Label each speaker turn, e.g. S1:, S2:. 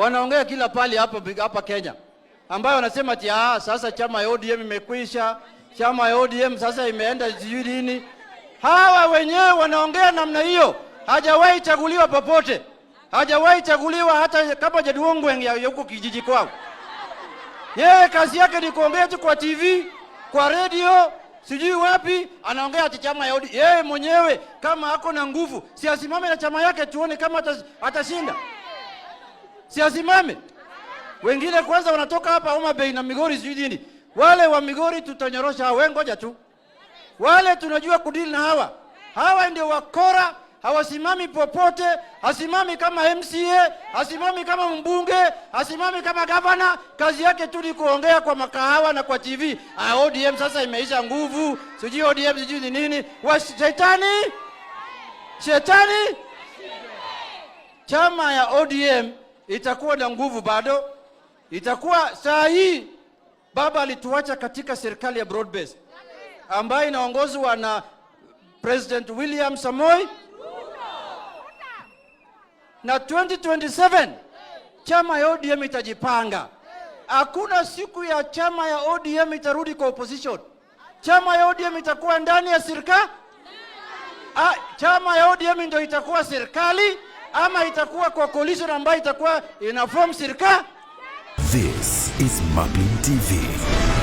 S1: wanaongea kila pali hapa hapa Kenya, ambayo wanasema ti ah, sasa chama ya ODM imekwisha, chama ya ODM sasa imeenda sijui nini. Hawa wenyewe wanaongea namna hiyo, hajawahi chaguliwa popote, hajawahi chaguliwa hata kama ya huko kijiji kwao. Yeye kazi yake ni kuongea tu kwa TV, kwa radio, sijui wapi, anaongea ati chama ya ODM. Yeye mwenyewe kama ako na nguvu, si asimame na chama yake, tuone kama atashinda si asimame? Wengine kwanza wanatoka hapa Homa Bay na Migori sijui nini. Wale wa Migori tutanyorosha hawa, ngoja tu. Wale tunajua kudili na hawa. Hawa ndio wakora, hawasimami popote, hasimami kama MCA, hasimami kama mbunge, hasimami kama gavana. Kazi yake tu ni kuongea kwa makahawa na kwa TV. Ah, ODM sasa imeisha nguvu, sijui ODM sijui ni nini. Wa shetani, shetani, chama ya ODM itakuwa na nguvu bado, itakuwa saa hii. Baba alituacha katika serikali ya broad based ambayo inaongozwa na President William Samoei na 2027 chama ya ODM itajipanga. Hakuna siku ya chama ya ODM itarudi kwa opposition. Chama ya ODM itakuwa ndani ya serikali. Ah, chama ya ODM ndio itakuwa serikali ama itakuwa kwa coalition ambayo itakuwa inaform sirka serikali. This is Maplin TV.